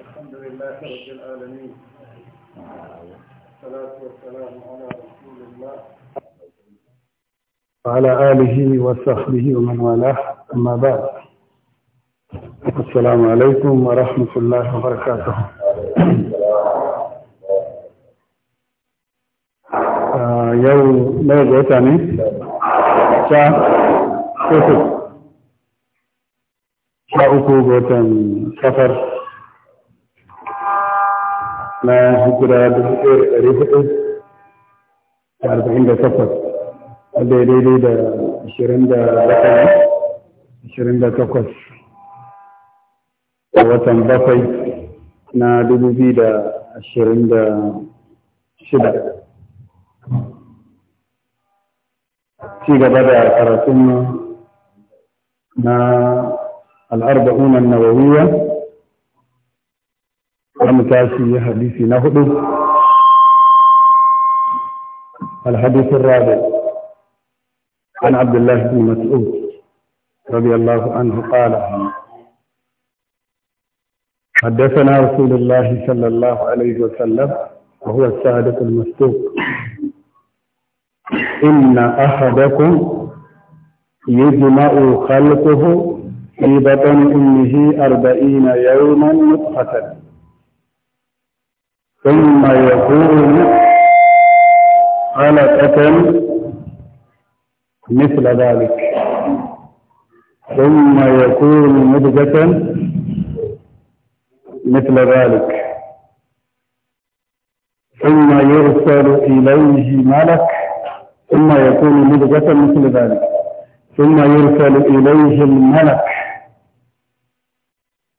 الحمد لله رب العالمين والصلاة والسلام على رسول الله وعلى آله وصحبه ومن والاه أما بعد السلام عليكم ورحمة الله وبركاته آه، يوم لا يجعتني شاء sha uku ga watan safar na hijira dubu ɗaya da ɗari hudu da arba'in da takwas wanda ya daidai da ashirin da bakwai ashirin da takwas a watan bakwai na dubu biyu da ashirin da shida ci gaba da karatunmu na الأربعون النووية ومتاشي حديث نهض الحديث الرابع عن عبد الله بن مسعود رضي الله عنه قال حدثنا رسول الله صلى الله عليه وسلم وهو السادة المسلوك إن أحدكم يجمع خلقه في بطن أمه أربعين يوما نطفة ثم يكون علقة مثل ذلك ثم يكون مدقة مثل ذلك ثم يرسل إليه ملك ثم يكون مدقة مثل ذلك ثم يرسل إليه الملك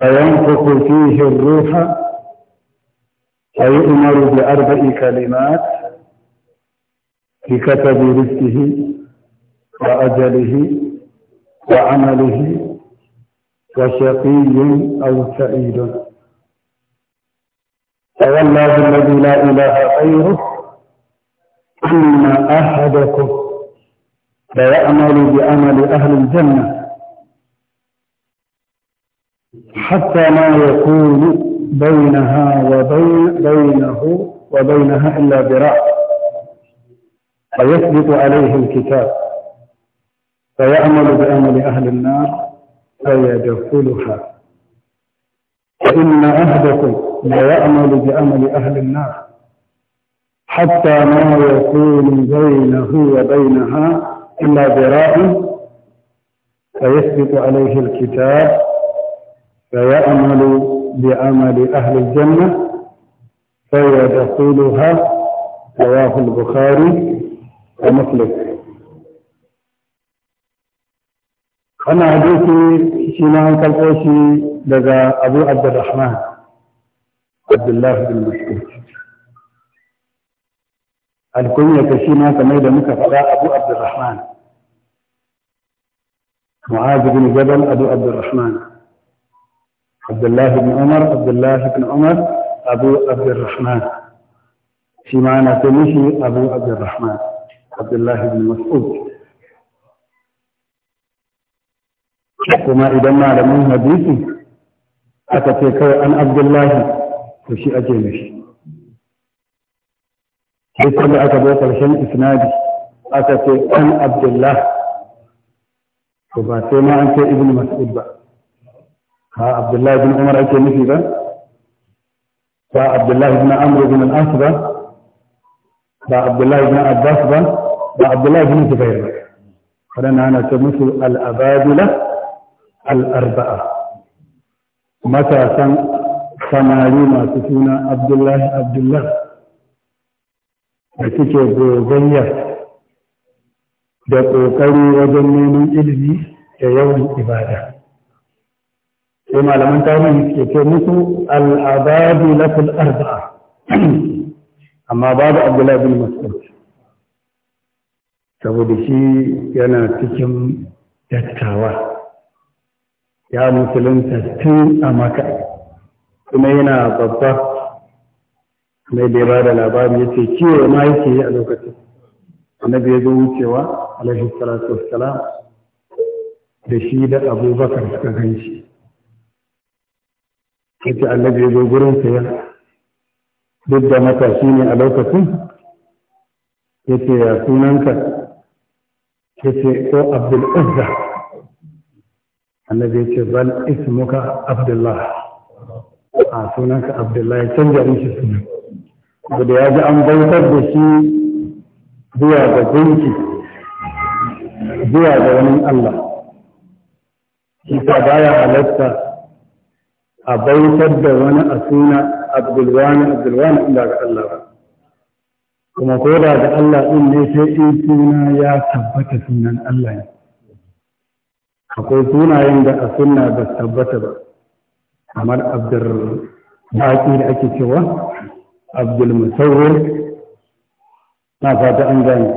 فينفخ فيه الروح فيؤمر بأربع كلمات بكتب رزقه وأجله وعمله وشقي أو سعيد فوالله الذي لا إله غيره أن أحدكم ليعمل بعمل أهل الجنة حتى ما يكون بينها وبين بينه وبينها إلا ذراع فيثبت عليه الكتاب فيعمل بأمل أهل النار فيدخلها فإن أهدكم ليعمل بأمل أهل النار حتى ما يكون بينه وبينها إلا ذراع فيثبت عليه الكتاب فيعمل بعمل أهل الجنة فيدخلها رواه البخاري ومسلم أنا حديثي شيمان كالقوشي لدى أبو عبد الرحمن عبد الله بن مسعود الكنية شيمان كما إذا مكفلا أبو عبد الرحمن معاذ بن جبل أبو عبد الرحمن عبد الله بن عمر عبد الله بن عمر أبو عبد الرحمن في معنى كله أبو عبد الرحمن عبد الله بن مسعود كما إذا ما لم يهديك أتتك أن عبد الله وشي أجيمش يقول ابو لشن إسنادي أتتك أن عبد الله فباتي أنت ابن مسعود بقى ha abdullahi bin umar ake nufi ba ba abdullahi bin amr bin al-as ba ba abdullahi bin abbas ba ba abdullahi bin zubair ba wadanda ana ce musu al-abadila al-arba'a matasan samari masu suna abdullahi abdullahi da suke gogayya da ƙoƙari wajen neman ilimi da yawan ibada sai malaman tarihi suke ce musu al'adabi na arba'a amma babu abdullahi bin mas'ud saboda shi yana cikin dattawa ya musulunta tun a maka kuma yana babba mai da ba da labari ya ce kiwo ma yake yi a lokacin annabi ya zo wucewa alaihi salatu wassalam da shi da abubakar suka gan shi yace annabi ya zo gurin sa duk da matashi ne a lokacin yace ya sunanka yace ko abdul uzza annabi yace bal ismuka abdullah a ah, sunanka abdullah ya canja mishi suna saboda ya ji an bautar da shi zuwa ga gunki zuwa ga wani allah shi ta baya halatta a bautar da wani a suna abdulwani abdulwani inda ga Allah ba kuma ko da ga Allah ɗin ne sai in suna ya tabbata sunan Allah ne akwai sunayen da a suna ba tabbata ba kamar abdul baƙi da ake cewa abdul musawwir na fata an gani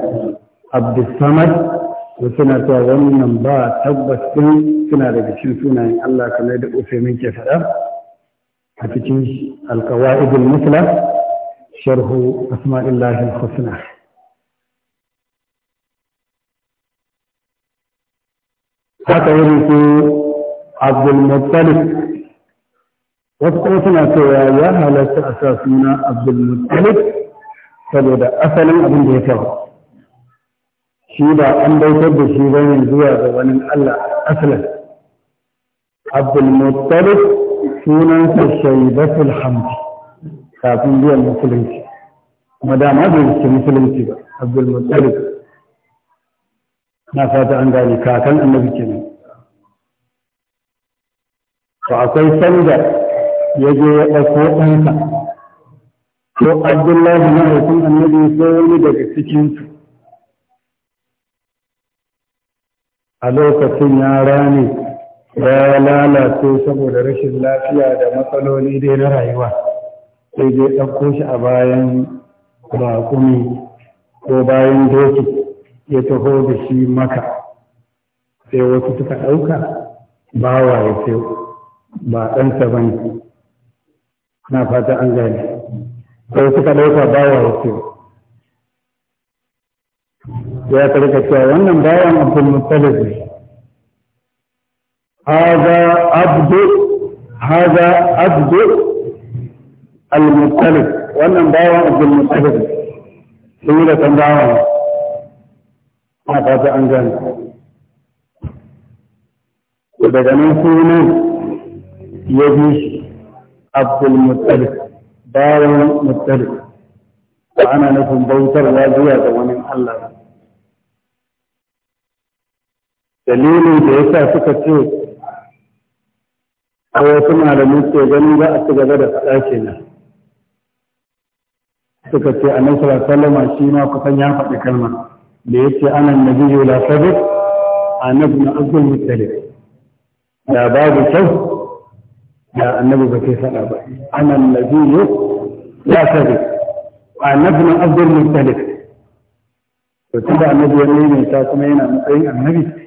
abdul samad to suna cewa wannan ba tabbas din suna da cikin sunayen Allah kamar da Usaimin ke faɗa a cikin alƙawa'idul musla sharhu asma'illahi al-husna haka irin su Abdul Muttalib wasu kuma suna cewa ya halatta a sa suna Abdul Muttalib saboda asalin abin da ya faru shi ba an bautar da shi ba ne zuwa ga wani Allah asalin abdul muttalib sunansa shaibatul hamdi kafin biyan musulunci kuma ma bai rikice musulunci ba abdul muttalib na fata an gane kakan annabi kenan to akwai sanda ya je ya ɗauko ɗansa ko abdullahi na hukun annabi ko wani daga cikinsu a lokacin ya rani ya lalace saboda rashin lafiya da matsaloli dai na rayuwa sai dai ɗauko shi a bayan raƙumi ko bayan doki ya taho da shi maka sai wasu suka ɗauka ba wa ya ce ba ɗansa ba ne na fata an gane sai suka ɗauka ba wa ya ce ya karka cewa wannan bayan abdul muttalib ne هذا عبد هذا عبد المطلب wannan bawan abdul muttalib sun yi da tambawa a fata an gani daga nan sunan ya bi shi abdul muttalib bawan muttalib ba ana nufin bautar zuwa ga wani allah dalilin da yasa suka ce a wasu malamin ke gani za a ci gaba da faɗa kenan suka ce a nan sallallahu alaihi shi ma kusan ya faɗi kalmar da yace ana nabiyyu la sabr annabi na abdul muttalib da babu kyau da annabi ba kai faɗa ba ana nabiyyu la sabr annabi na abdul muttalib to tunda annabi ya ne ta kuma yana matsayin annabi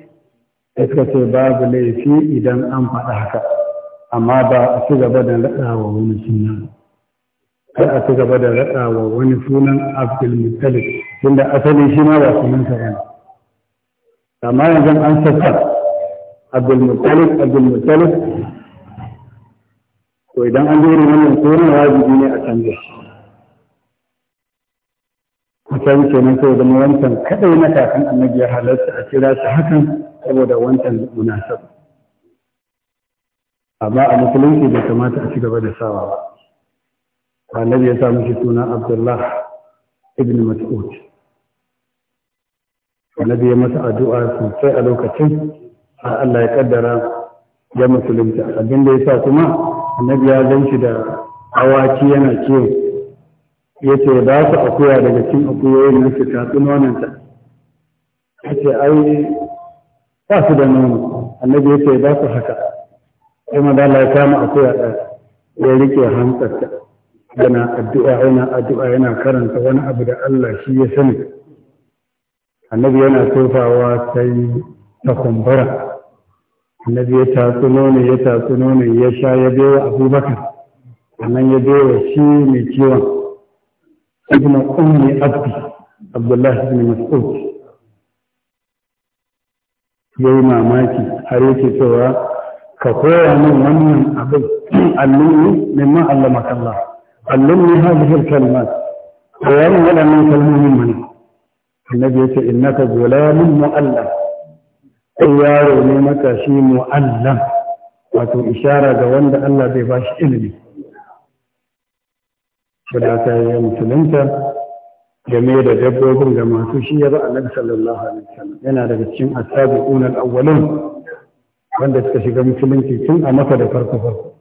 sai suka ce babu laifi idan an faɗa haka amma ba a ci gaba da raɗawa wani sunan kar a ci gaba da raɗawa wani sunan abdulmuttalib tunda asali shi ma ba sunansa sa yana amma yanzu an sassa abdulmuttalib abdulmuttalib to idan an dore wannan sunan wajibi ne a canza shi sawu kenan sai zama wancan kadai na kakan annabi ya halarta a kira shi hakan saboda wancan munasab amma a musulunci bai kamata a ci gaba da sawa ba annabi ya sa mishi suna abdullah ibn mas'ud annabi ya masa addu'a sosai a lokacin har Allah ya kaddara ya musulunta abin da ya sa kuma annabi ya zan shi da awaki yana kiwo ya ce ba su akuya daga cikin akuyoyin nan su tatsi nonanta ya ce ai ba su da nono annabi ya ce ba su haka sai dala ya kama akuya ɗaya ya rike hantarta yana addu'a yana addu'a yana karanta wani abu da Allah shi ya sani annabi yana tofawa sai ta kumbura annabi ya tatsi nono ya tatsi nono ya sha ya bewa abubakar sannan ya bewa shi mai kiwon ابن أم أبي عبد الله بن مسعود yayi mamaki har yake cewa ka koya min wannan abin allumi mimma allama kallah allumi hadhihi alkalimat koya min waɗannan kalmomin mana annabi yace innaka gulamun mu'allam kai yaro ne matashi mu'allam wato ishara ga wanda Allah bai bashi ilimi sadaka ya musulunta game da dabbobin da masu shi ya ba annabi sallallahu alaihi wasallam yana daga cikin asabiqun unal awwalun wanda suka shiga musulunci tun a maka da farko farko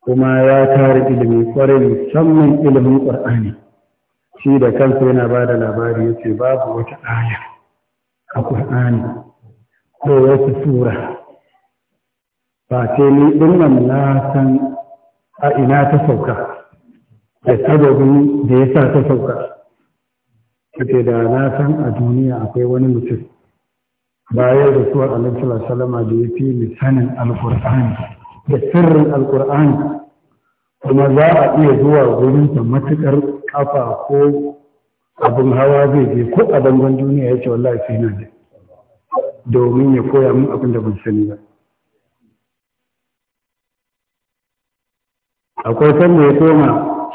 kuma ya tare ilimi kwarai musamman ilimin qur'ani shi da kansa yana ba da labari yace babu wata aya a qur'ani ko wata sura ba sai ni nan na san a ina ta sauka da sababin da ya sa ta sauka da na san a duniya akwai wani mutum bayan da suwar annabi sallallahu da ya fi ni sanin alqur'ani da sirrin alqur'ani kuma za a iya zuwa gurin ta matukar kafa ko abin hawa zai je ko a bangon duniya ya ce wallahi sai na domin ya koya min abin da ban sani ba akwai sanda ya koma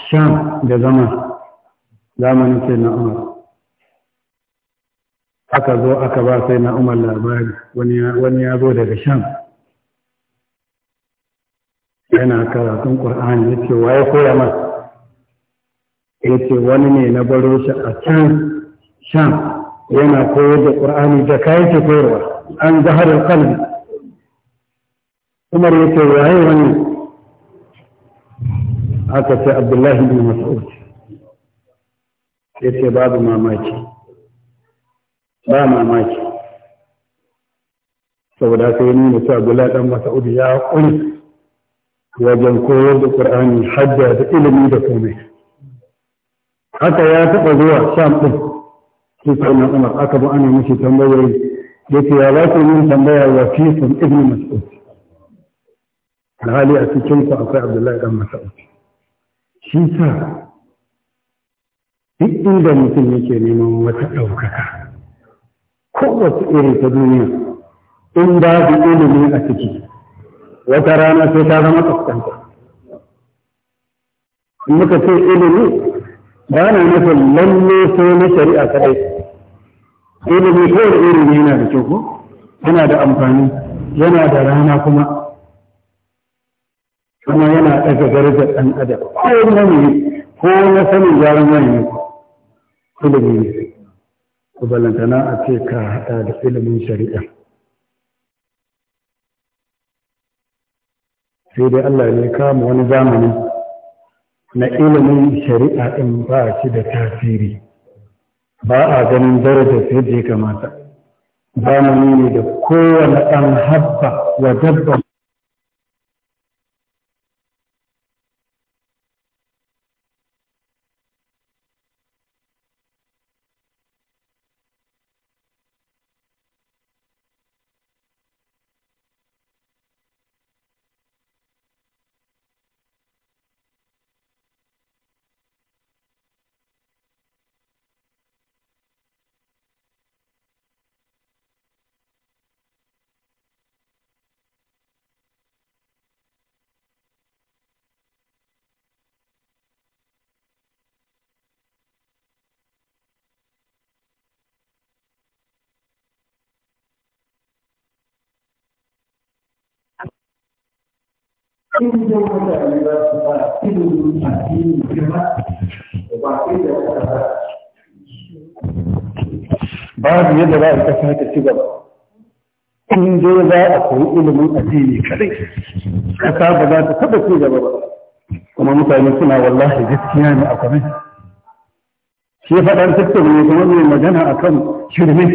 Shan da zama zamanin sai na umar aka zo aka ba sai na umar labari wani ya zo daga Shan yana karatun ƙwar'an ya ce waye koya ma ya ce wani ne na baro shi a can Shan yana koyar da ƙur'ani da kayan ke koyarwa an zaharar kalbi umar ya ce waye wani haka sai abdullahi bin mas'ud yace babu mamaki ba mamaki saboda haka ya nuna cewa abdullahi dan mas'ud ya kuri wajen koyar da qur'ani hajja da ilimi da komai haka ya taɓa zuwa sham ɗin sai sai na umar aka ba ana mishi tambayoyi yace ya za ku yi tambaya wa fikum ibn mas'ud alhali a cikin ku akwai abdullahi dan mas'ud shi sa duk inda mutum yake neman wata ɗaukaka wasu irin ta duniya in ba su ilimi a ciki wata rana sai ta zama kaskanta in muka ce ilimi ba na nufin lalle sai na shari'a kaɗai, ilimi ko da ilimi yana da kyau ko yana da amfani yana da rana kuma kuma yana ɗaga darajar ɗan adam ko mani ko na sanin gyaran mani ilimi ne ku ballantana a ce ka haɗa da ilimin shari'a sai dai Allah ne kama wani zamani na ilimin shari'a ɗin ba shi da tasiri ba a ganin daraja sai da ya kamata zamani ne da kowane ɗan habba wa dabba in dai mutane za su fara ilimin addini girma ba sai da Ba babu yadda za a kasa ta ci gaba in dai za a koyi ilimin addini kadai kasa ba za ta taba ci gaba ba kuma mutane suna wallahi gaskiya ne a kwamai shi faɗar ne kuma mai magana akan shirme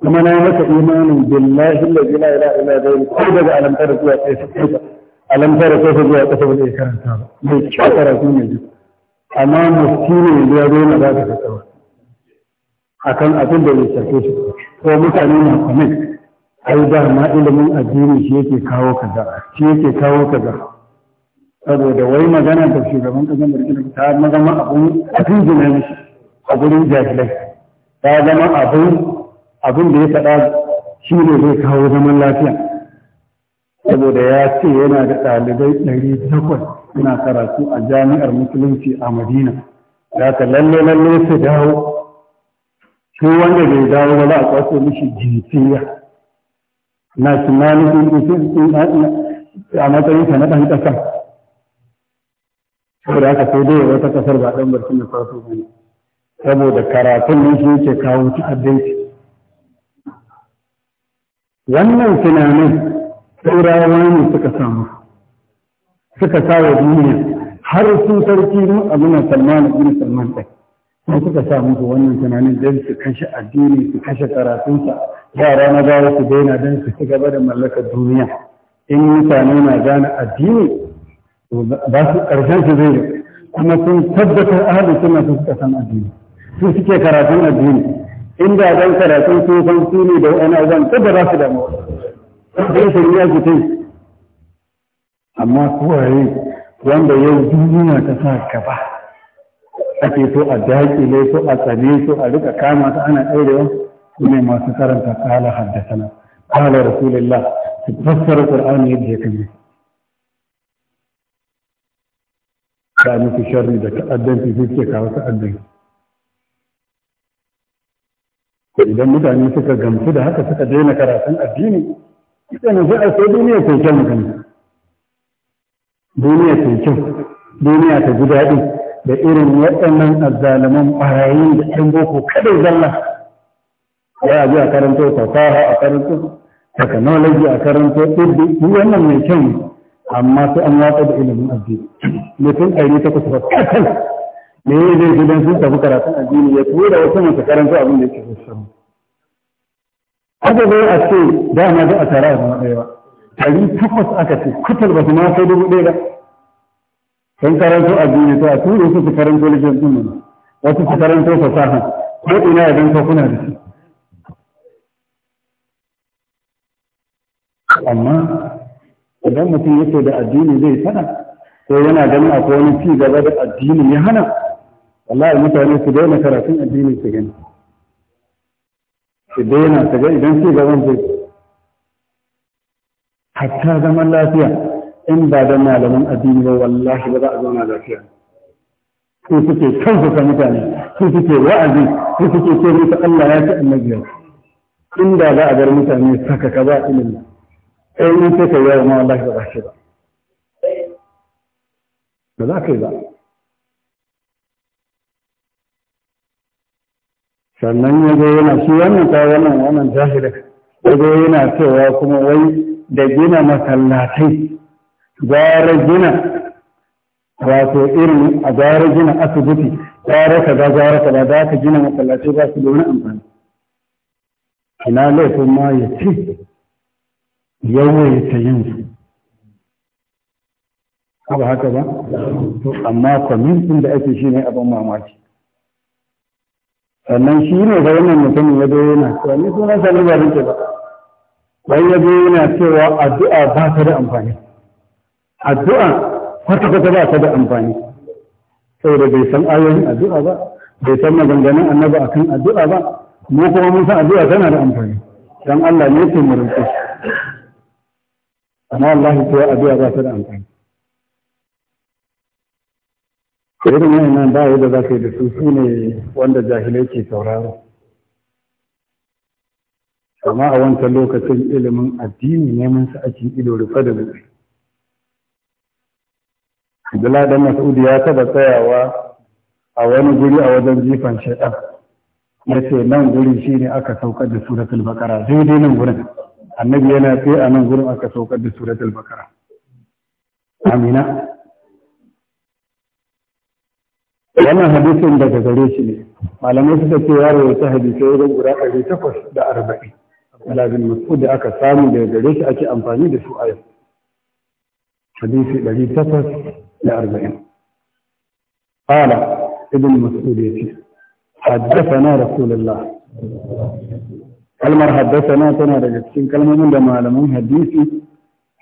kuma na yi maka imanin billahi la ilaha illa ko daga alamtar zuwa sai sai alam tara ko ta zuwa kasa bai karanta ba mai kyau karatu yanzu. ji amma musti ne ya zo na ba ta kasa akan abin da ya shafe shi ko mutane na kwamin ai dama ilimin addini shi yake kawo kaza shi yake kawo kaza saboda wai magana da shugaban kasar burkina ta magana abun abin jina a gurin jahilai ta zama abun abin da ya faɗa shi ne zai kawo zaman lafiya saboda ya ce yana da ɗalibai ɗari takwas suna karatu a jami'ar musulunci a madina da ka lalle lalle su dawo shi wanda bai dawo ba za a kwaso mishi jinsiya nationality a matsayin sa na ɗan ƙasa saboda haka sai dai wata ƙasar ba ɗan barci na faso ba ne saboda karatun ne shi yake kawo ta ta'addanci wannan tunanin turawa ne suka samu suka sawa duniya har sun sarki mu abin salman ibn salman ɗai sai suka sa musu wannan tunanin don su kashe addini su kashe karatun karatunsa yara na gawa su daina don su ci gaba da mallakar duniya in mutane na gane addini ba su ƙarshen su zai kuma sun tabbatar ahalin suna su suka san addini su suke karatun addini inda dan karatun sun san su ne da wani abubuwan kada ba su damu sai shari'a ku amma kuwaye wanda yau duniya ta sa gaba ake so a daƙile so a tsane so a rika kama ta ana ɗaurewa su ne masu karanta kala haddasana kala rasulullah su fassara qur'ani yadda ya kame ta musu sharri da ta'addanci su ke kawo ta'addanci idan mutane suka gamsu da haka suka daina karatun addini Ita na sai sai duniya ta kyau mutum. Duniya ta kyau, duniya ta ji daɗi da irin waɗannan azzalaman ɓarayin da ɗan boko kaɗai zalla. Ya yi a karanto fasaha a karanto technology a karanto ɗibbi, wannan mai kyau amma sai an watsa da ilimin addini. Mutum ɗari takwas ba kakan. Me ya zai gidan sun tafi karatun addini ya tura wasu masu karanta abin da yake so aka zai a ce dama za a tara da ɗaya ba ɗari takwas aka ce kutar ba su ma kai dubu ɗaya ba sun karanto addini ta su ne su karanto lijin ɗin ne wasu su karanto fasaha ko ina ya ganka kuna da shi amma idan mutum yake da addini zai tana ko yana ganin akwai wani ci gaba da addini ya hana wallahi mutane su daina karatun addini su gani su daina su ga idan ci gaban su hatta zaman lafiya in ba da malaman addini ba wallahi ba za a zauna lafiya su suke kansuka mutane su suke wa'azi su suke ce musu Allah ya ci annabi inda za a bar mutane saka ka ba ilimi sai in sai ka yi ma wallahi ba za ba ba za ka yi ba sannan ya zo yana shi wannan ta wannan wannan jahilin ya zo yana cewa kuma wai da gina masallatai gara gina wato irin a gara gina asibiti gara ka za gara ka ka gina masallatai ba su da wani amfani ina laifin ma ya ce ta yin su ba haka ba amma kwamintin da ake shi ne abin mamaki sannan shi ne ga wannan mutumin ya zo yana cewa ni sunan sa ba rike ba bai ya zo yana cewa addu'a ba ta da amfani addu'a kwata kwata ba ta da amfani saboda bai san ayoyin addu'a ba bai san maganganun annabi akan addu'a ba mu kuma mun san addu'a tana da amfani dan Allah ne ke mu amma Allah ya addu'a ba ta da amfani sai irin nan, ba yadda za ka yi da su su ne wanda jahilai ke sauraro amma a wancan lokacin ilimin addini neman su ake ido rufe da rufe Abdullahi dan Mas'ud ya taba tsayawa a wani guri a wajen jifan shaitan ya ce nan guri shine aka saukar da suratul baqara dai nan gurin annabi yana tsaye a nan gurin aka saukar da suratul baqara amina wannan hadisin daga gare shi ne malamai suka ce ya rawaita hadisai wajen guda ɗari takwas da arba'in alabin mas'ud da aka samu daga gare shi ake amfani da su a yau hadisi ɗari takwas da arba'in قال ابن مسعود يتي حدثنا رسول الله kalmar haddasana tana daga cikin kalmomin da malaman hadisi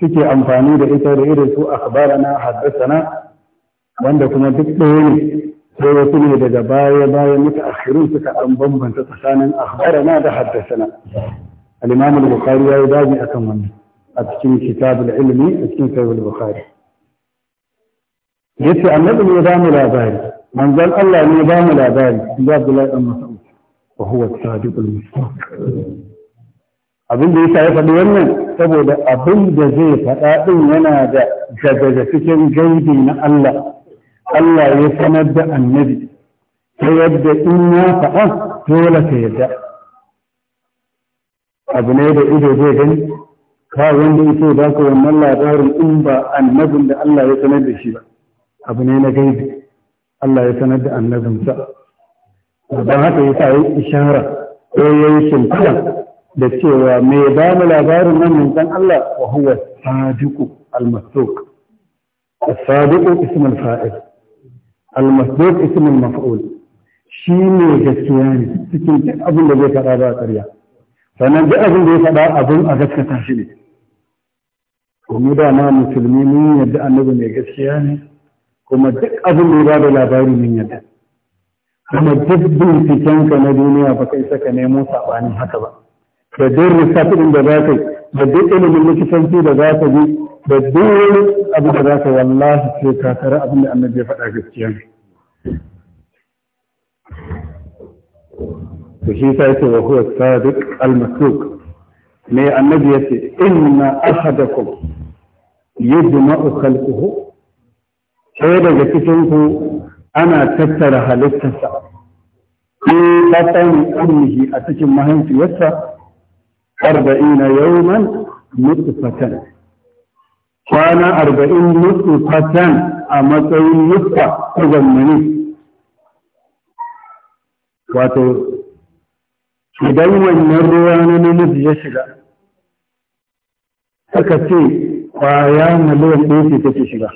suke amfani da ita da irin su akhbarana haddasana wanda kuma duk ɗaya ne sai wasu ne daga baya baya mutaakhirun suka dan bambanta tsakanin akhbarana da haddathana al-imam al-bukhari ya yi daji akan wannan a cikin kitab al-ilmi a cikin sahih al-bukhari yace annabi ne ba mu labari manzon Allah ne ba mu labari da Abdullahi dan Mas'ud wa huwa as-sadiq al-mustaq abin da yasa ya faɗi wannan saboda abin da zai faɗa din yana da daga cikin gaibi na Allah Allah ya sanar da annabi ta yadda in ya faɗa dole ka yadda abu ne da ido zai gani ka wanda ita ba ka wannan labarin in ba annabin da Allah ya sanar da shi ba abu ne na gaibi Allah ya sanar da annabinsa don haka ya yi ishara ko ya yi shimfiɗa da cewa mai ba mu labarin nan manzon Allah wa huwa sadiqu al-masduq as-sadiqu ismul fa'il al-masdaq ismul maf'ul shi ne gaskiya ne cikin duk abin da zai faɗa ba ƙarya sannan duk abin da ya faɗa abin a gaskata shi ne domin da ma musulmi mun yadda annabi mai gaskiya ne kuma duk abin da ya bada labari mun yadda kuma duk binciken ka na duniya ba kai saka nemo saɓanin haka ba da duk lissafin da za ka yi da duk ilimin likitanci da za ka bi da duk abu da za ka wallahi ce ka tare abin da annabi ya faɗa gaskiya to shi sai ce wa huwa sadiq al-masduq me annabi yace inna ahadakum yujma'u khalquhu sai daga cikin ku ana tattara halittarsa ko ta tsani ummihi a cikin mahaifiyarsa arba'ina yawman nutfatan kwana arba'in nutfatan a matsayin nutfa ta zammani wato idan wannan ruwa na namiji ya shiga aka ce kwaya miliyan ɗaya ce take shiga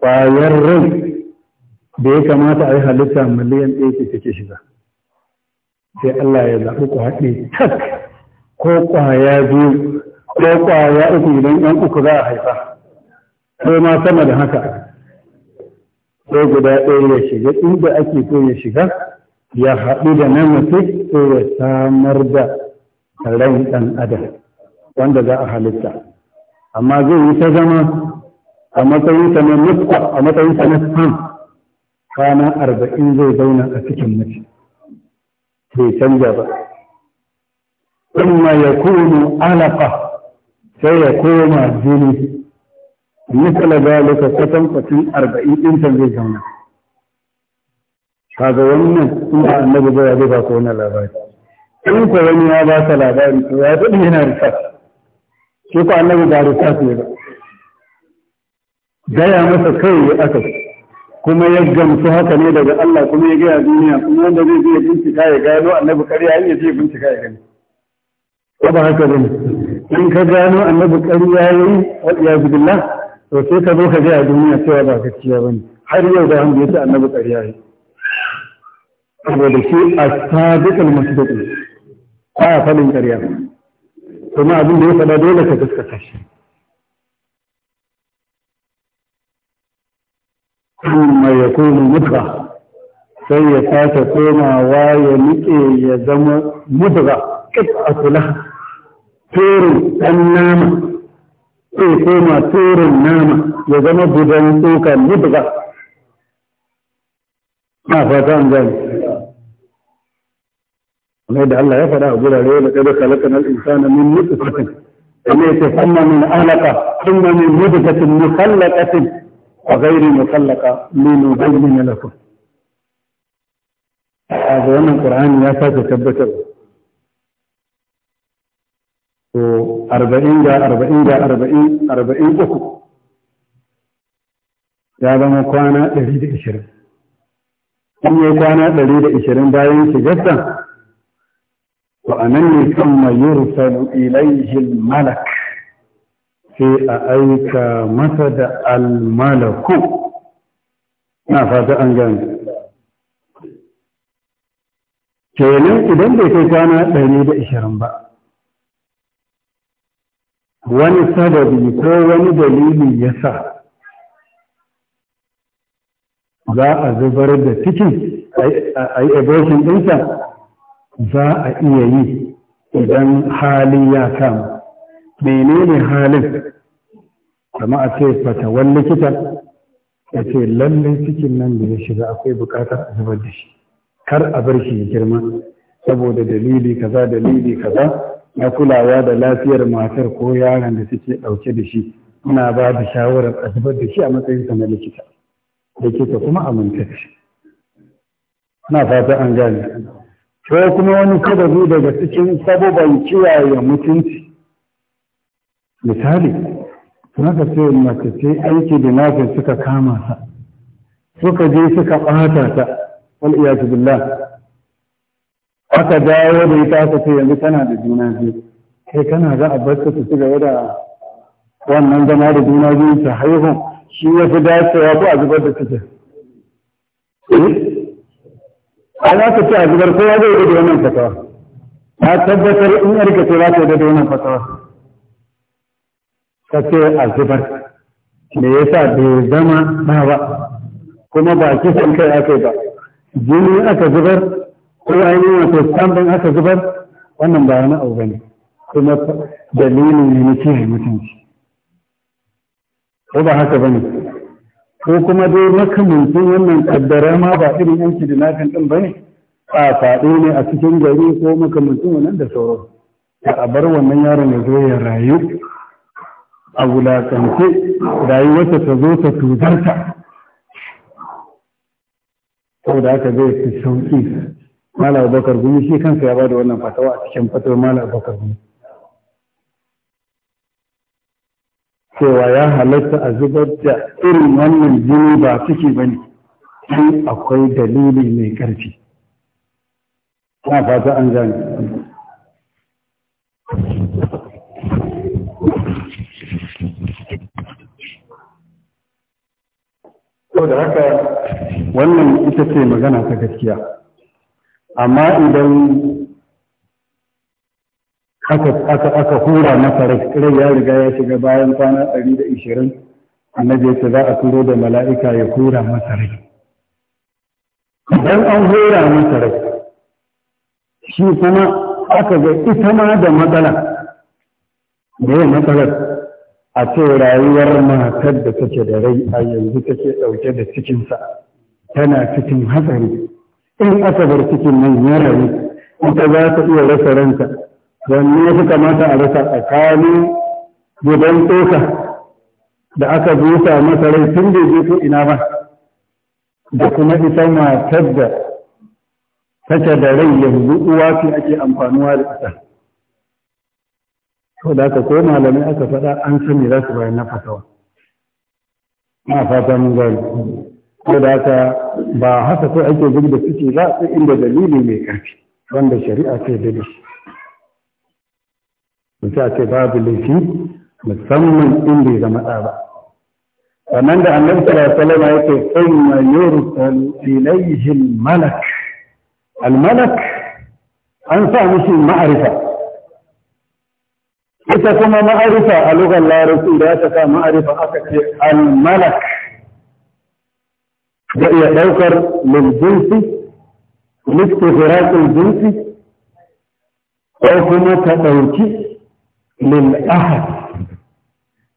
kwayar rai da ya kamata a yi halitta miliyan ɗaya ce take shiga sai Allah ya zaɓi ku haɗe tak ko ƙwaya biyu ko ƙwaya uku idan ɗan uku za a haifa ko ma sama da haka sai guda ɗaya ya shiga inda ake so ya shiga ya haɗu da na mutum ko ya samar da ran ɗan adam wanda za a halitta amma zai yi ta zama a matsayin sa na nutsa a matsayin sa na san kwana arba'in zai zauna a cikin mace bai canja ba ثم يكون علقة سيكون جني مثل ذلك ستنقسم أربعين إنسا بالجنة kaga wannan ina annabi ba ya ba ko labari in ko wani ya ba ka labari to ya tabi yana rika shi annabi ba rika ne ba gaya masa kai ya aka kuma ya gamsu haka ne daga Allah kuma ya gaya duniya kuma wanda zai je bincika ya gano annabi kariya ya je bincika ya gani ko ba haka bane in ka gano annabi ƙarya yayi wal iyad billah to sai ka zo ka ji a duniya cewa ba gaskiya bane har yau da hanbi yace annabi ƙarya yayi saboda shi as-sadiq al-masduq ba falin ƙarya kuma abin da ya faɗa dole ka gaskata shi ثم يكون مدغة sai ya sake komawa ya nike ya zama mudga ƙasa a kula تور النامة أي كوما تور النامة يجمع بدن توكا نبغى ما فتان ذلك ونيد الله يفرع بلا ليلة كذا خلقنا الإنسان من نطفة أن يتسمى من آلقة ثم من نبغة مخلقة وغير مخلقة من بين لكم هذا وانا القرآن يا فاتح تبتر to arba'in ga arba'in ga arba'in arba'in uku ya zama kwana ɗari da ishirin in yi kwana ɗari da ishirin bayan shigarsa to a nan ne kan mayur salu ilaihi malak sai a aika masa da almalaku na fata an gane kenan idan bai kai kwana ɗari da ishirin ba wani sababi ko wani dalili ya sa za a zubar da cikin a yi abokin ɗinsa za a iya yi idan hali ya kama menene halin kama a ce wani likita ya ce lallai cikin nan da ya shiga akwai bukatar a zubar da shi kar a bar shi girma saboda dalili kaza dalili kaza na kulawa da lafiyar matar ko yaron da suke ɗauke da shi muna ba da shawarar a zubar da shi a matsayinsa na likita likita kuma aminta da shi na fata an gane ko kuma wani sababi daga cikin sababan kiyaye mutunci misali suna ka ce mace ce aiki da nafin suka kama ta suka je suka ɓata ta wal billah aka dawo da ita aka ce yanzu kana da juna biyu kai kana za a bar ta ci gaba da wannan zama da juna biyu ta haihu shi ya fi dacewa ko a zubar da cikin eh? a za ka ce a zubar ya zai da wannan fatawa a tabbatar in ka ce za ka da wannan fatawa ka ce a zubar me yasa bai zama ba kuma ba kisan kai aka yi ba jini aka zubar ko ainihin wato stamp aka zubar wannan ba na abu bane kuma dalilin ne na kiyaye mutunci ko ba haka bane ko kuma dai makamancin wannan kaddara ma ba irin yanki da nakan din bane a faɗo ne a cikin gari ko makamancin wannan da sauran da a bar wannan yaron ya zo ya rayu a wulakance rayuwarsa ta zo ta tuzarta da aka zai fi sauƙi Malam Abubakar Gumi shi kansa ya bada wannan fatawa a cikin fatawar Malam Abubakar Gumi. Cewa ya halatta a zubar da irin wannan jini ba ciki ba ne, sai akwai dalili mai ƙarfi. Na fata an gane. Saboda haka wannan ita ce magana ta gaskiya. amma idan aka hura masa rai ya riga ya shiga bayan kwana ɗari da ishirin annabi ya ce za a turo da mala'ika ya hura masa rai idan an hura masa rai shi kuma aka ga ita ma da matsala da yin matsalar a ce rayuwar matar da take da rai a yanzu take ɗauke da cikinsa tana cikin hatsari in aka cikin nan ya ita za ta iya rasa ranta wanne ya fi kamata a rasa a tsakanin gudan toka da aka busa masa rai tun da je ko ina ba da kuma ita matar da take da rai yanzu uwa ce ake amfanuwa da ita to da aka ko malamai aka faɗa an sani za bayan na fasawa na fata mun gani ko da haka ba haka ko ake gudu da suke ba sai inda dalili mai karfi wanda shari'a ce da da shi mutum ce babu laifi musamman in bai zama ɗa ba sannan da annabi sallallahu alaihi wasallam yake thumma yursal ilayhi al-malak al-malak an sa mishi ma'arifa ita kuma ma'arifa a lugar larabci da ta sa ma'arifa aka ce al-malak da iya ɗaukar min jinsi littafirakin jinsi ko kuma ta ɗauki min ahad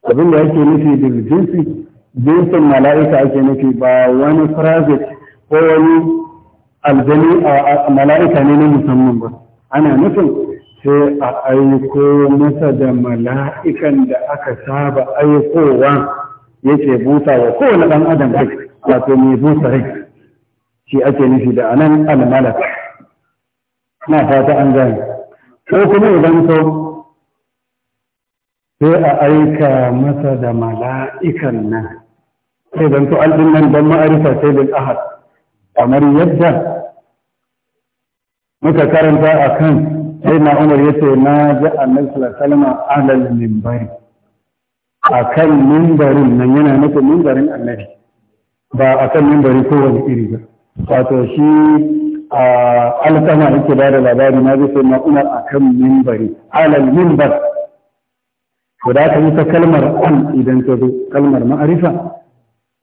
abin da yake nufi da jinsi jinsin mala'ika ake nufi ba wani private ko wani aljani a mala'ika ne na musamman ba ana nufin sai a aiko masa da mala'ikan da aka saba aikowa yake buta wa kowane ɗan adam kai wato mai busa rai shi ake nufi da anan almalak na fata an gane ko kuma idan so sai a aika masa da mala'ikan nan sai dan to alɗin nan don ma'arifa sai bil ahad kamar yadda muka karanta a kan sai na umar yace na ji annabi sallallahu alaihi wasallam a kan mimbarin nan yana nufin mimbarin annabi ba a kan mimbari kowane iri ba wato shi a alkama yake ba da labari na zai sai na umar a kan mimbari alal mimbar to da yi ta kalmar an idan ta zo kalmar ma'arifa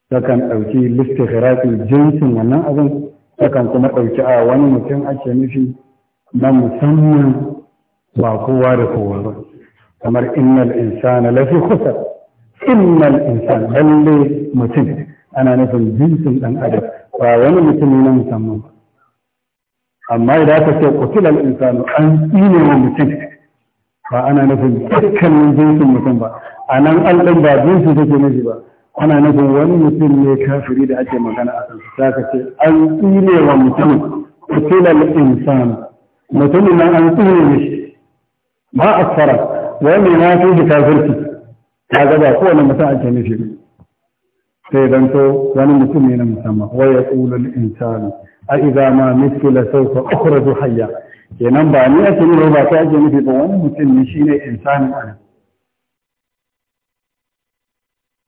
ta kan ɗauki listin jinsin wannan abin ta kan kuma ɗauki a wani mutum ake nufi na musamman ba kowa da kowa ba kamar innal insana lafi khusar innal insana lalle mutum ana nufin jinsin ɗan adam ba wani mutum na musamman ba amma idan aka ce kutilal insanu an tsine wa mutum ba ana nufin dukkanin jinsin mutum ba a nan allon ba jinsi take miji ba ana nufin wani mutum ne kafiri da ake magana a kan ta ka ce an tsine wa mutum kutilal insanu mutumin nan an tsine mishi ba a tsara wani na fi kafirci ta gaba kowane mutum ake nufi sai dan to wani mutum ne na musamman wa ya tsulul insani a idza ma miskila sawfa ukhraju hayya kenan ba ni ake nuna ba ta ake nufi ba wani mutum ne shine insani ana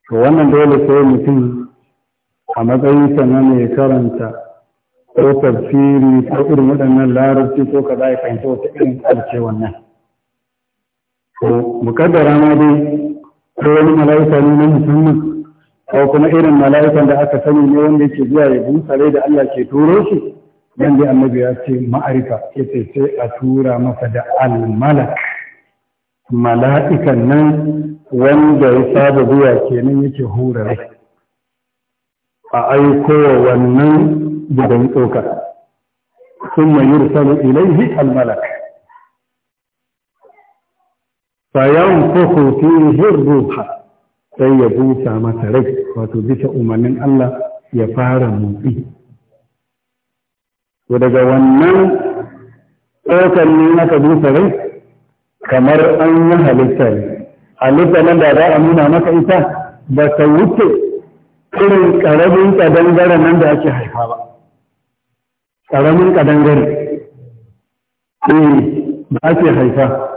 to wannan dole sai mutum a matsayin sa na mai karanta ko tafsiri ko irin waɗannan larabci ko kaza ya fahimta wata irin ƙarshe wannan to mukaddara ma dai ko wani mala'ika ne na musamman ko kuma irin mala'ikan da aka sani ne wanda yake zuwa ya busa rai da Allah ke turo shi nan dai annabi ya ce ma'arifa yace sai a tura masa da al-malak mala'ikan nan wanda ya saba zuwa kenan yake hura rai a aiko wannan gidan tsoka ثم يرسل إليه الملك فينفخ فيه ruha sai ya busa mata rai wato bisa umarnin Allah ya fara motsi to daga wannan ɗaukar ne aka busa rai kamar an yi halitta ne halitta nan da za a nuna maka ita ba ta wuce irin ƙaramin ƙadangare nan da ake haifa ba ƙaramin ƙadangare eh ba ake haifa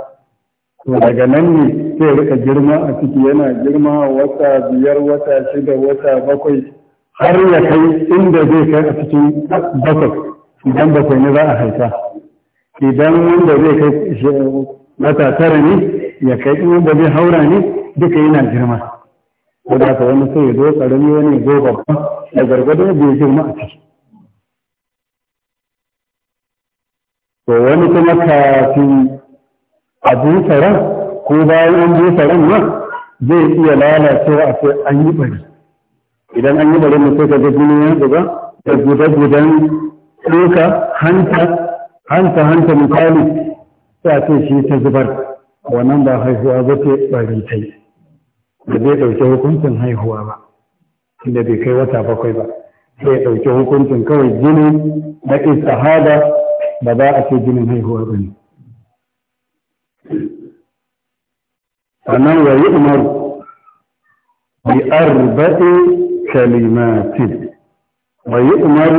to daga nan ne sai rika girma a ciki yana girma wata biyar wata shida wata bakwai har ya kai inda zai kai a cikin bakwai idan bakwai ne za a haifa idan wanda zai kai wata tara ne ya kai inda zai haura ne duka yana girma Wanda ka wani sai ya zo karami wani ya zo babba da gargado da ya girma a ciki to wani kuma kafin a busa ran ko bayan an busa ran nan, zai iya lalacewa a sai an yi bari idan an yi bari mutum ka ga jini ya zuba da gudan tsoka hanta hanta hanta misali sai a ce shi ta zubar wannan ba haihuwa ba ce bari ta yi da zai ɗauki hukuncin haihuwa ba inda bai kai wata bakwai ba sai ya ɗauki hukuncin kawai jini na hada ba za a ce jinin haihuwa ba ne sannan wa yi umar bi arba'i kalimatin wa yi umar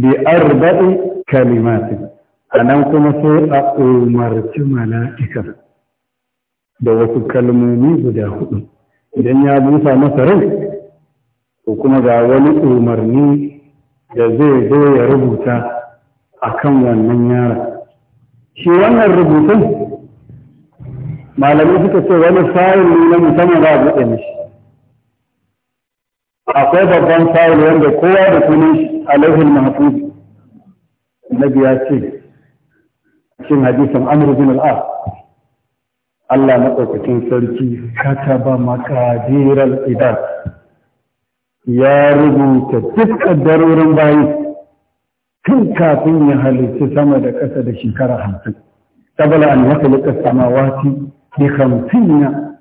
bi arba'i kalimatin anan kuma sai a umarci mala'ika da wasu kalmomi guda hudu idan ya busa masa rai ko kuma ga wani umarni da zai zo ya rubuta a kan wannan yara shi wannan rubutun malamai suka ce wani fayil na musamman za a buɗe mishi akwai babban fayil wanda kowa da sunan shi alaihin mahfuz nabi ya ce cikin hadisin amr bin al Allah Allah ɗaukacin sarki kataba makadiral idan ya rubuta duk ƙaddarorin bayi tun kafin ya halittu sama da ƙasa da shekara hamsin. Tabala an yaka liƙa samawati bi hamsina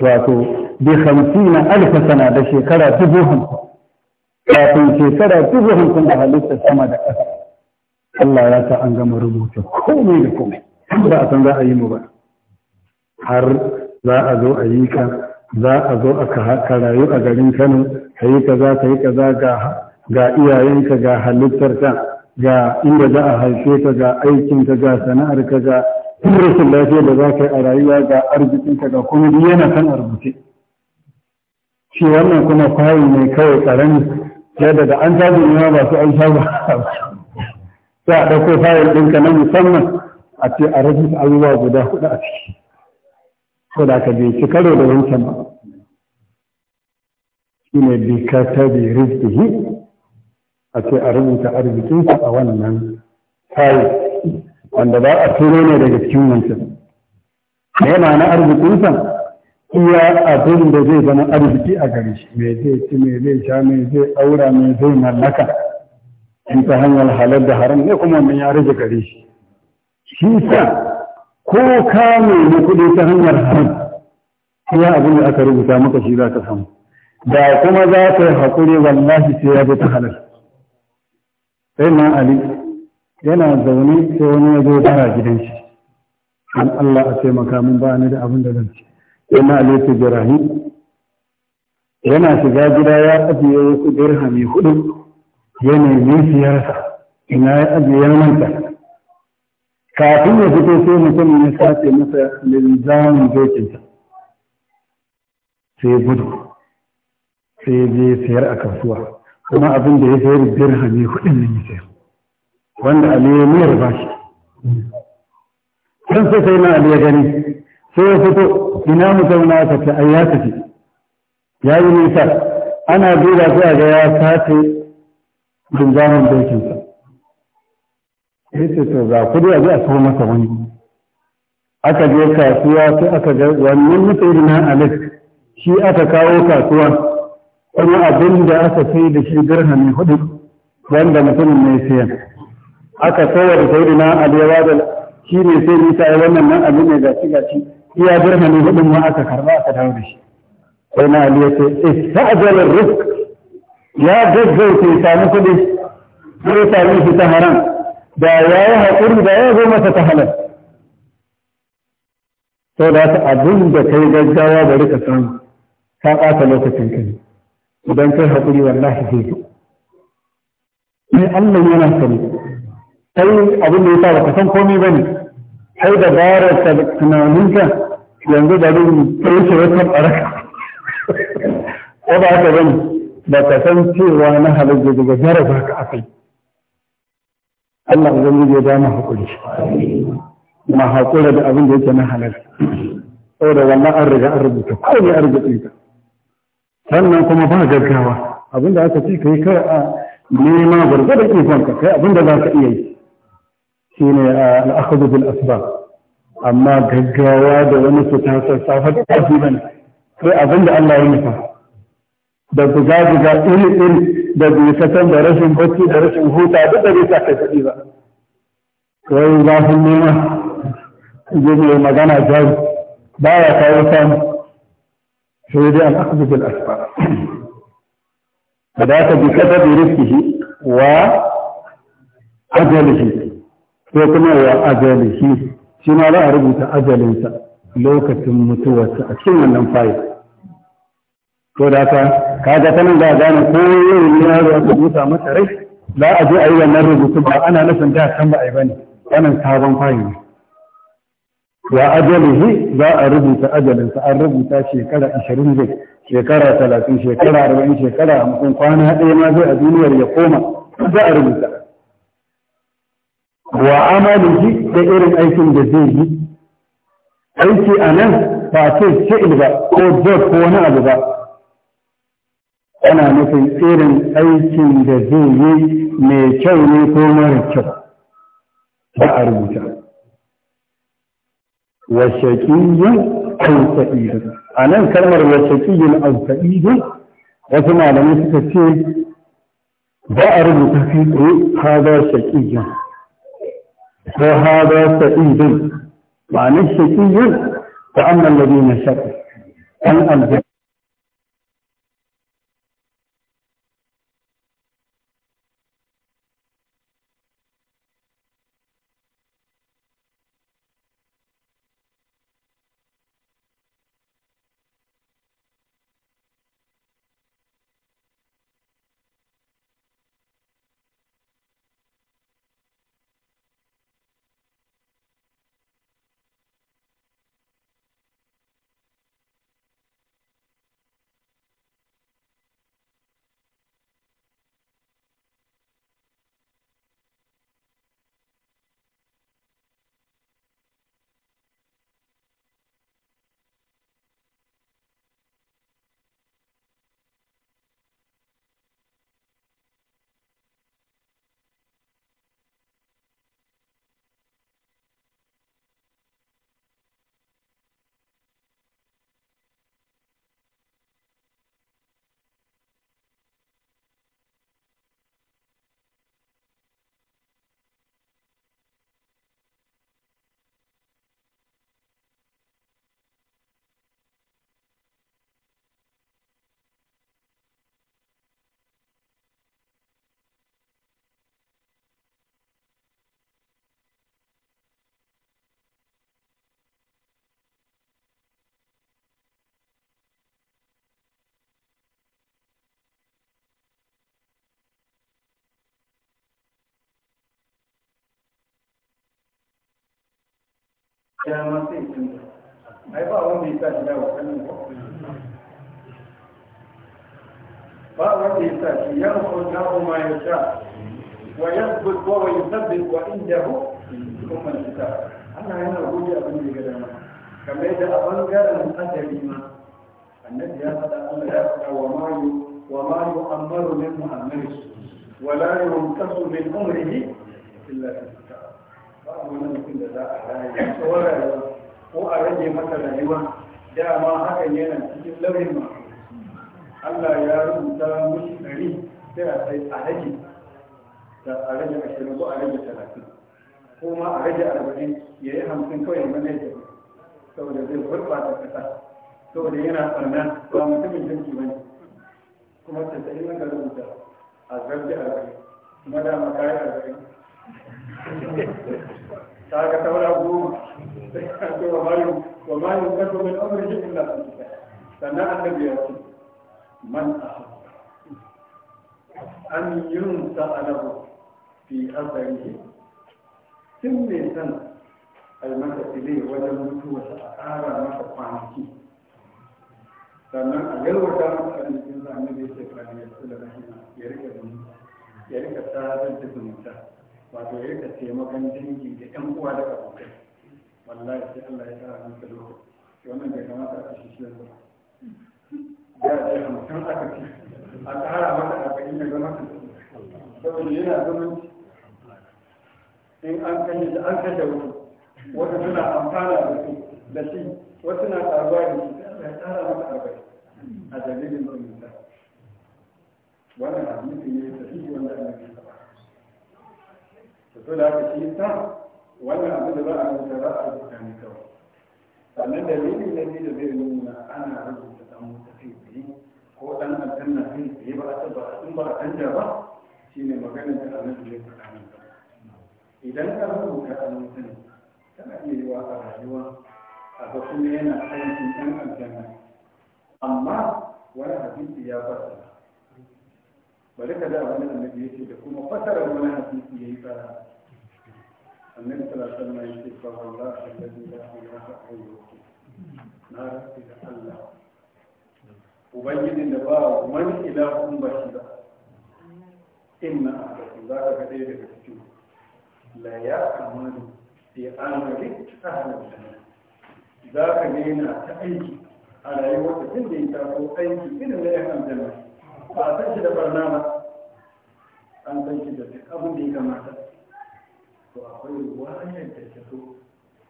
wato bi hamsina alfa sana da shekara dubu hamsin kafin shekara dubu hamsin da halittar sama da ƙasa Allah ya sa an gama rubuta komai da komai ba a san za a yi mu ba har za a zo a ka za a zo a karayu a garin Kano ka yi kaza ka yi kaza ga iyayenka ga halittarka ga inda za a haife ka ga aikinka ga sana'arka ga rashin lafiya da za ka yi a rayuwa ga arzikinka ga kuma duk yana kan a rubuce shi wannan kuma kwayi ne kawai karami yadda da an tabi ma ba su an ba. sai a ɗauko fayil ɗinka na musamman a ce a rajista abubuwa guda huɗu a ciki ko da ka bai ci karo da wancan ba shi ne bi ka tabi rizkihi a ce a rubuta arzikinsa a wannan kayi wanda ba a turo ne daga cikin wancan me na arzikinsa iya abin da zai zama arziki a gare shi me zai ci me zai sha me zai aura me zai mallaka in ta hanyar halar da haram ne kuma wannan ya rage gare shi shi sa ko ka nemi kuɗi ta hanyar haram iya abin da aka rubuta maka shi za ka samu da kuma za ka yi haƙuri wallahi sai ya bi ta halal sai na ali yana zaune sai wani ya zo tara gidan shi an Allah a taimaka min ba ni da abin da zan ci sai na ali ta jirahi yana shiga gida ya ajiye wasu dirhami hudu ya nemi siyarsa ina ya ajiye manta kafin ya fito sai mutum ya sace masa linzamin dokinsa sai gudu sai je siyar a kasuwa kuma abin da ya sayar dirhami kuɗin nan ya sayar wanda ali ya mayar ba shi kan sai sai na ali ya gani sai ya fito ina mu zauna aka ce ai ya tafi ya yi nisa ana duba zuwa ga ya sace dunjamin dokinsa ya ce to ga kudi a ji a kawo masa wani aka je kasuwa sai aka ga wannan mutum na alif shi aka kawo kasuwa wani abin da aka sai da shi dirhami hudu wanda mutumin mai siyan aka sayar da sai na aliyawa da shi ne sai nisa ya wannan nan abin ne gashi gashi iya dirhami hudun ma aka karba aka dawo da shi sai na aliyu ce ista'jalar rufk ya gaggauta ya sami kuɗi ya sami shi ta haram da ya yi haƙuri da ya zo masa ta halal sau da abin da kai gaggawa bari ka samu ka ɓata lokacin ka ne idan kai haƙuri wallahi zai zo sai Allah yana sani kai abin da ya sa baka san komai bane kai da barar ta tunaninka yanzu da zai tsaye wata baraka ko ba ka bane ba ka san cewa na halarci daga ba ka akai Allah zai yi da mu haƙuri ma haƙura da abin da yake na halal saboda wannan an riga an rubuta ko ne arzikin ka sannan kuma ba gaggawa abinda aka ce kai kar a nema gwargwadon ka, kai abinda za ka iya yi shi ne al'akadu bil asbab amma gaggawa da wani su tasar har da tafi bane Kai abinda Allah ya nufa da buga buga iri iri da bisatan da rashin bacci da rashin huta duk da bai sa kai kuɗi ba za zafin nema je mai magana jari ba ya kawo samu sai dai al'aqdu bil asbab fadaka bi sababi rizqihi wa ajalihi sai kuma wa ajalihi shi ma za a rubuta ajalinsa lokacin mutuwarsa a cikin wannan fayil to da ka kaga ta nan za a gane ko yau ne ya zo rubuta masa rai za a je a yi wannan rubutu ba ana nufin da kan ba a yi bane wannan sabon fayil ne wa ajalihi za a rubuta ajalinsa an rubuta shekara 20 zai shekara 30 shekara 40 shekara 50 kwana ɗaya ma zai a duniyar ya koma za a rubuta wa amalihi da irin aikin da zai yi aiki a nan ba ce shi'il ba ko job ko wani abu ba ana nufin irin aikin da zai yi mai kyau ne ko mara kyau ba a rubuta wa shaqiyyun aw sa'id anan kalmar wa shaqiyyun aw sa'id wasu malamai suka ce ba a rubuta fi tsaye hada shaqiyyun ko hada sa'idun ma'anar shaqiyyun ta annan ladina shaqu an aljanna ya ba wanda ya sa shi dawo kallon ba ba wanda ya shi ya na sha wa ya zuwa wa ya sabbi wa inda hu kuma kita Allah yana gode abin da ya gada ma kamar yadda a bangaren adari ma annabi ya faɗa Allah ya faɗa wa mayu wa mayu amaru min muhammad wala yunqasu min umrihi illa kitab ba wani mutum da za a rayu tsawon rayuwa ko a rage masa rayuwa dama hakan yana cikin lauyin ma Allah ya rubuta mushi ɗari sai a sai a rage da a rage ashirin ko a rage talatin ko ma a rage arba'in ya yi hamsin kawai mana ya saboda zai gurɓata ƙasa saboda yana ɓarna ba mutumin jirgi ba ne kuma tattalin na rubuta a zargi arba'in kuma dama kayan arba'in ta ga taura goma to wa mayu wa mayu ka to min amri illa sannan aka biya su man a an yun sa'alahu fi asarihi Sun mai san almasa ilai wajen mutuwa a ƙara masa kwanaki sannan a yalwata masa arzikin sa annabi ya ce kwanaki ne ya tsula ya rika zumunta ya rika sadar da zumunta wato ya rika taimakon dangi da yan uwa da abokai wallahi sai Allah ya tsara masa lokaci wannan bai kamata a shi shi ba ya ce mutum aka ce a tsara a arba'in da zama saboda yana zumunci in an kashe da an kai da wani wata suna amfana da su da shi wasu na karuwa da shi Allah ya tsara masa arba'in a dalilin zumunta wannan hadisi ne ya sahihi wanda Allah to da haka shi ta, wannan abin da za a rubuta za a rubuta ne kawai sannan dalilin na biyu da zai nuna ana rubuta dan wuta biyu ko dan aljanna kai ya ba a ba in ba a canja ba shine maganar da annabi ya faɗa nan idan ka rubuta dan wuta ne tana iya yiwa a rayuwa a ga kuma yana aikin dan aljanna amma wani hadisi ya faɗa bari ka da wani annabi yake da kuma fasarar wani hadisi yayi fara annabi sallallahu alaihi wasallam yake fa wallahi alladhi la ilaha illa hu na rafi da Allah ubangijin da ba man ilahun ba shi ba inna akadu za ka ga ɗaya daga cikin la ya amanu bi amali ahlul janna za ka nena ta aiki a rayuwar da tun da ya taso aiki irin na yan aljanna ba a san shi da barna ba an san shi da abin da ya kamata to akwai wayar da ta so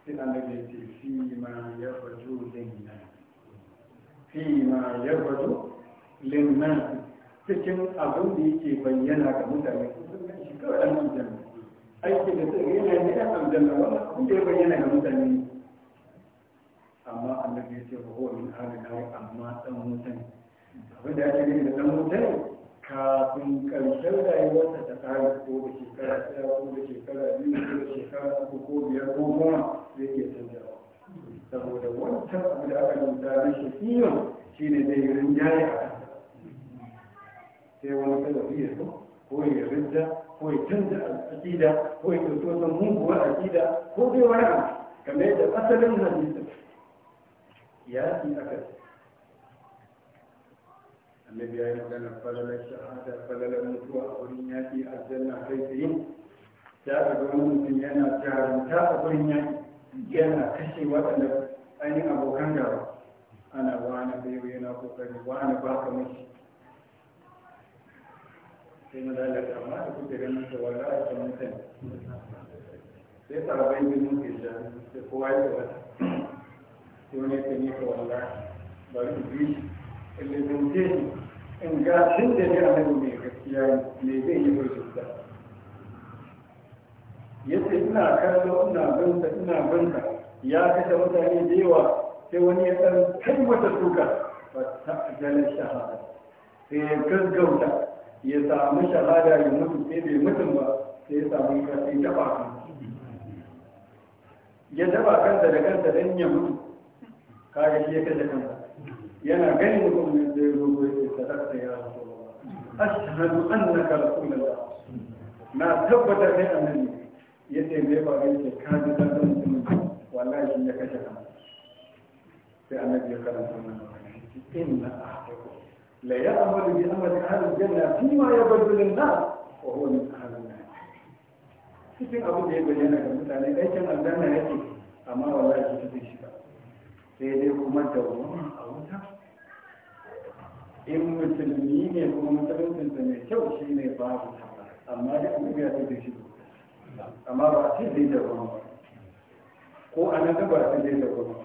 sai an daga ce fi ma ya fajo linna fi ma ya fajo linna cikin abin da yake bayyana ga mutane shi kawai an aljanna aiki da sai yana yi an aljanna wannan abin da ya bayyana ga mutane ne amma an ya ce ba huwa min ahli nar amma dan mutane abin da ya ake gani da dan mutane kafin karshen rayuwarsa ta tsari ko da shekara ɗaya ko da shekara biyu ko da shekara uku ko biyar ko goma yake canjawa saboda wancan abu da aka rubuta da shi siyon shi ne zai yi rinjaye a kansa sai wani talabi ya so ko ya rinja ko ya canza aƙida ko ya ɗauki wata muguwar aƙida ko dai wani abu kamar yadda asalin hadisin ya fi aka ce الذي عندنا قلل الشهادة قلل المتوى أورينياتي أزلنا خيسهم تابق من دنيانا جعل تابق رينياتي جانا كشي وطن أين أبو كنجر أنا وانا بيوينا فقري وانا باقى مش كما ذلك أمار كنت رمي سوالا يتمنى ليس أربعين بنون كشا سفوائي وطن سوني تنيك والله بل إبليش اللي بنتيني in ga tun da ne annabi mai gaskiya ne zai yi hujjinta ya ce ina kallo ina banta ina banta ya kashe mutane da yawa sai wani ya ɗan kai wata suka ba ta jalin shahada sai ya gaggauta ya samu shahada ya mutu sai bai mutum ba sai ya samu ka sai daba kan ya daba kansa da kansa dan ya mutu kaga shi ya kashe kansa yana gani mutum da ya zo ko yake sadaka ya rasulullah ashhadu annaka rasulullah na tabbata ne kai annabi yace me ba kai ce ka ji dan mutum wallahi shi ya kashe kan sai annabi ya karanta wannan inna ahdakum la ya'malu bi amali ahli al-janna fima yabdu lin-nas wa huwa min ahli an-nar cikin abin da ya bayyana ga mutane aikin aljanna yake amma wallahi shi take shi sai dai kuma da wani wuta in musulmi ne kuma da mai kyau shi ne babu tabbas amma da abu ya zai shi amma ba shi zai da ruwan ko a nan gaba shi zai da ruwan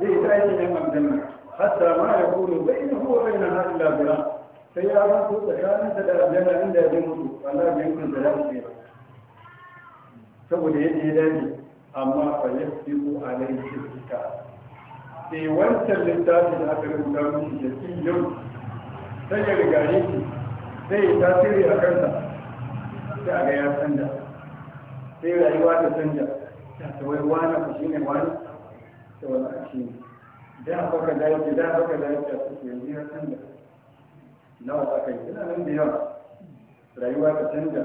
zai ta yi ne aljanna hatta ma ya kuru bai na ko bai na haɗin labira sai ya ba ko tsakaninsa da aljanna inda ya mutu Allah bai kun da lafiya ba saboda yadda ya dace amma fa yasbiqu alayhi kitab sai wancan littafi da aka rubuta mishi ya ci yau sai ya riga yake sai ya tasiri a kansa sai a ga ya canja sai rayuwa ta canja ta wai wani ku shi ne wani ta wani a shi da baka da yake da baka da yake a kusa yanzu ya canja nawa ta kai ina nan da yawa rayuwa ta canja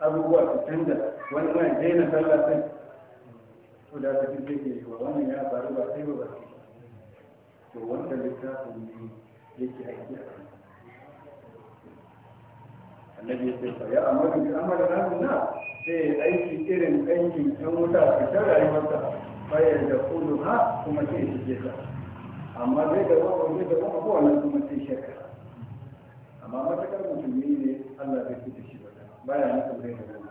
abubuwa ta canja wani ma ya daina sallah sai to da ta fi zai ke yi wa wannan ya faru ba sai ba ba to wanda littafin ne yake aiki a kan annabi ya sai ya amalu bi amali ahlin na sai aiki irin aikin yan wuta a cikin rayuwarsa bayar da kullu ha kuma sai ke ta amma zai da wani zai da wani ko wannan kuma sai shakka amma mata kan mutum ne Allah zai fita shi ba baya nasa zai da wani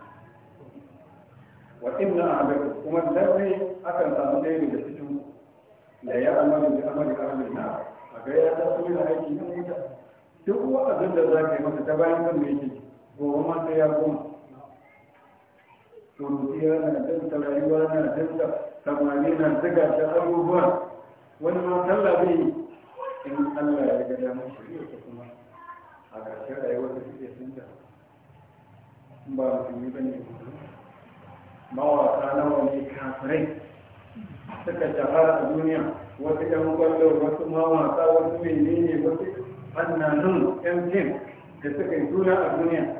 wa inna ahadakum kuma lalle akan samu ɗaya da cikin da ya amana da amana da amana a ga ya tafi yana aiki na wuta duk wa'azin da za ka yi masa ta bayan kan mai yake gobe ma sai ya goma surutiya na jinta rayuwa na jinta samani na ziga ta abubuwa wani ma sallah bai yi in allah ya ga damar shirya ta kuma a ƙarshen rayuwar da suke sun ba musulmi ba ne mawaka nawa ne kafirai suka shahara a duniya wasu yan kwallo wasu mawasa wasu ne wasu annanun yan fim da suka yi duna a duniya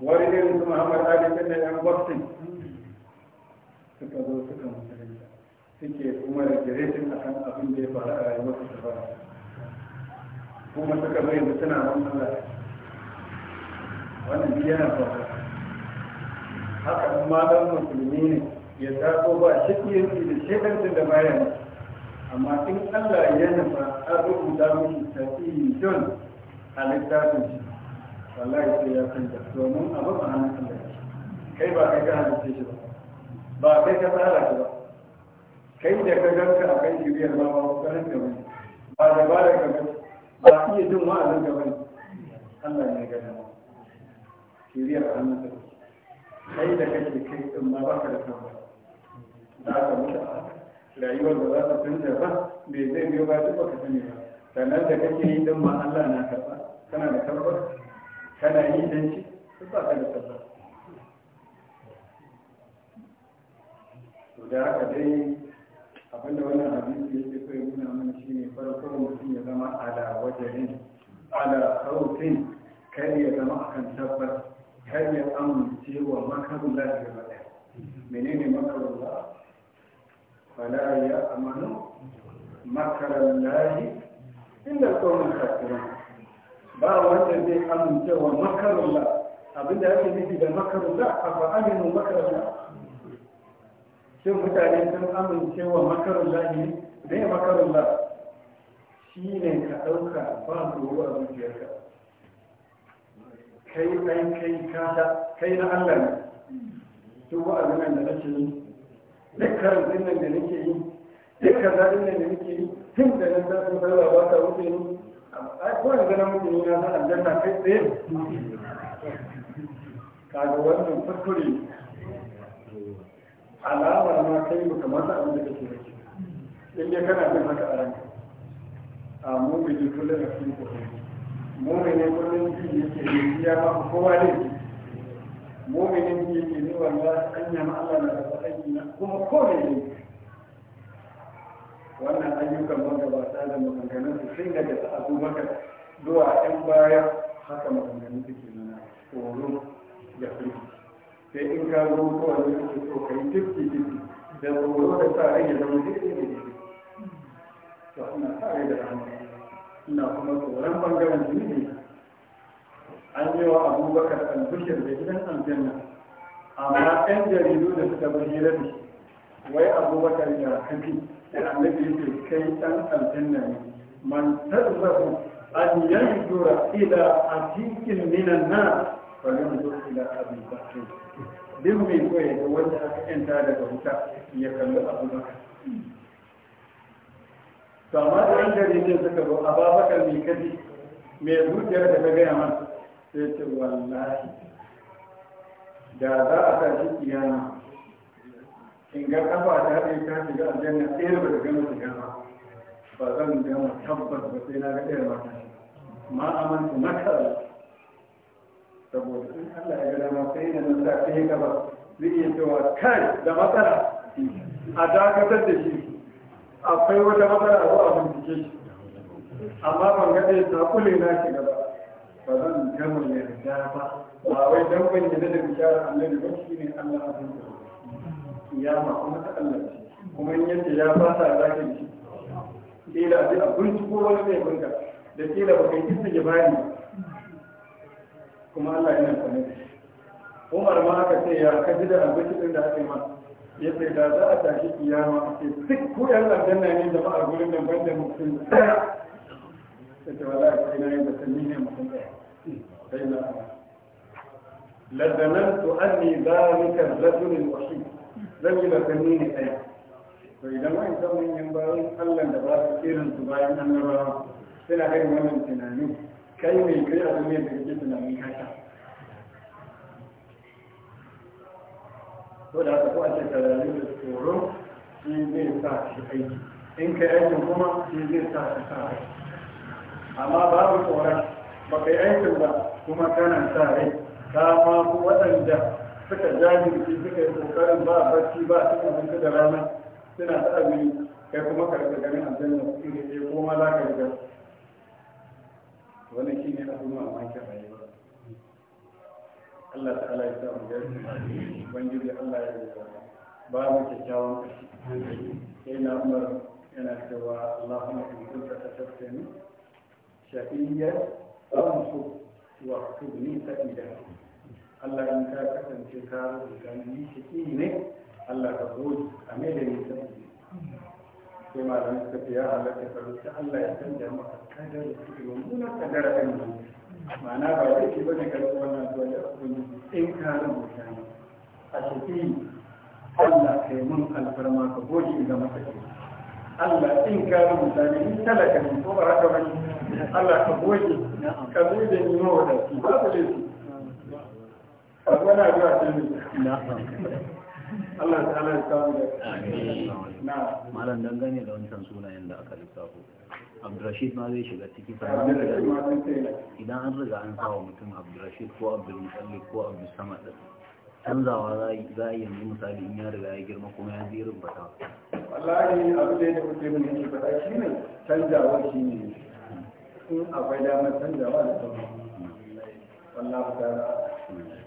wani irin su muhammad ali da yan boxing suka zo suka musulunta suke kuma da jiretin a kan abin da ya faru a yi wasu da baya kuma suka bai da suna wannan lafiya wannan biyan faru haka kuma dan musulmi ne ya taso ba shi iya yake da shekar da bayan amma in Allah ya nufa a rubuta miki tafiyin don a littafin shi wallahi sai ya san canja domin abu a hannun Allah kai ba kai ka halitta shi ba ba kai ka tsara shi ba kai da ka ganka a kan biyar ba ba kokarin ka bane ba da ba da ka ba iya jin wa'azin da bane Allah ne ya gana shiriyar hannun ka kai da kake kai din ma ka da kan za ka mutu a rayuwar da za ka canza ba bai zai biyo ba duk baka sani ba sannan da kake yi don ma Allah na karba kana da karba kana yi don shi duk ba ka da karba to da haka dai abinda wannan hadisi yake so ya nuna mana shine farko mutum ya zama ala wajahin ala sautin kar ya zama akan tabbas kar ya amince wa makarun lafiya ba ɗaya menene makarun lafiya ya amanu, مكر الله inda القوم الخاسرون ba wanda zai amince wa makarullah abinda ake nufi da makarullah a aminu makarullah shin mutane sun amince wa makarullah ne zai makarullah shi ne ka ɗauka ba ruwa a zuciyarka kai ɗan kai kata kai na allah ne duk wa'azin da nake duk karatun nan da nake yi duk karatun nan da nake yi tun da nan zafin sallah ba ta wuce ni a kowane gana mutum yana na aljanna kai tsaye kaga wannan kuskure alamar ma kai ba kamata abin da kake rake in dai kana jin haka a ranka a mumini kullum a cikin kuɗi mumini kullum ji yake yi ya ba kowa ne muminin ji yake ne wanda an yi ma'ala na da kuma kome ne wannan ayyukan sa da maganganun su sun daga ta abubakar zuwa ɗan baya haka maganganun su ke nuna tsoro da firki sai in ka zo kowane ne su so kai tifki tifki da tsoro da sa rage ya zama duk ne ne to ina sa rage da hannu ina kuma tsoron bangaren ne an yi wa abubakar albishir da gidan aljanna amma ɗan jaridu da suka bar da shi wai abubakar da hafi da annabi yake kai dan aljanna ne man tazzabu an yanzura ila atikin minan na fa yanzur ila abin bakr din mai koyi da wanda aka yanta daga wuta ya kalli abubakar to amma da an gari ne suka zo abubakar mai kaji mai zuciyar da ta gaya mana sai ce wallahi da za a tashi kiyama in ga kafa ta ɗaya ta shiga aljanna ɗaya ba da gama shiga ba ba zan gama tabbas ba sai na ga ɗaya ba ta ma amantu maka saboda in Allah ya ga dama sai na nan ta ɗaya gaba zai iya cewa kai da matsala a dakatar da shi akwai wata matsala ko a bincike shi amma ban ga ɗaya ta kule na shiga ba ba zan gama yarda ba ba wai dan ban yarda da bishara annabi ba ne Allah a bincike kiyama kuma ta Allah ce kuma in yadda ya fasa za ka yi kila sai a binciko wani zai binka da kila ba kai kisa ya bani kuma Allah yana sanar da shi Umar ma aka ce ya kaji da abinci din da aka yi ma ya ce da za a tashi kiyama a ce duk ku yan aljanna ne da ma'a gurin da banda mutum daya ta ce wala ka ina yin da sanni ne mutum daya sai na lazanantu anni zalika rajulun wahid zan yi bakanni ne ɗaya to idan wani san yin bayan allah da ba su kiran su bayan annabawa suna kai wannan tunani kai mai kai a duniyar da kake tunanin kasa ko da haka ko a ce da tsoro shi zai sa shi aiki in kai aikin kuma shi zai sa shi sa aiki amma babu tsoron ba kai aikin ba kuma kana sa rai ka ma waɗanda suka jajirce suka yi kokarin ba barci ba cin abinci da rana suna ta abin kai kuma karfe rika ganin aljanna cikin da eh, ke koma za ka riga wani shi ne abin mamakin rayuwa Allah ta'ala ya sa mu gari ubangiji Allah ya yi ba mu kyakkyawan kashi sai na umar yana cewa Allahumma in kunta tashaffani shafiyya أنصر واكتبني سعيدا Allah in ka kasance ka rubuta ni shaki ne Allah ka goji a mai da nisa sai malam suka ya Allah ka rubuta Allah ya canja maka kadar su ga mummunan kadar ɗin nan ma'ana ba zai ki bane karɓar wannan zuwa da in ka rubuta ni a shaki Allah ka yi mun alfarma ka goji ga masa ke Allah in ka rubuta ni in talaka ne ko ba haka ba Allah ka goji ka goji ni ma wadatu da laifi Allah ta ala ya samu da malam dangane da wancan sunayen da aka lissafo abdurrashid ma zai shiga ciki idan an riga an sawa mutum abdurrashid ko abdulmutallif ko abdulsamad canzawa za a yanzu misali in ya riga ya girma kuma ya zirin bata wallahi abu da ya kuce mun yake fata shi ne canzawa shi ne in akwai damar canzawa da sauran hmm. wallahi ta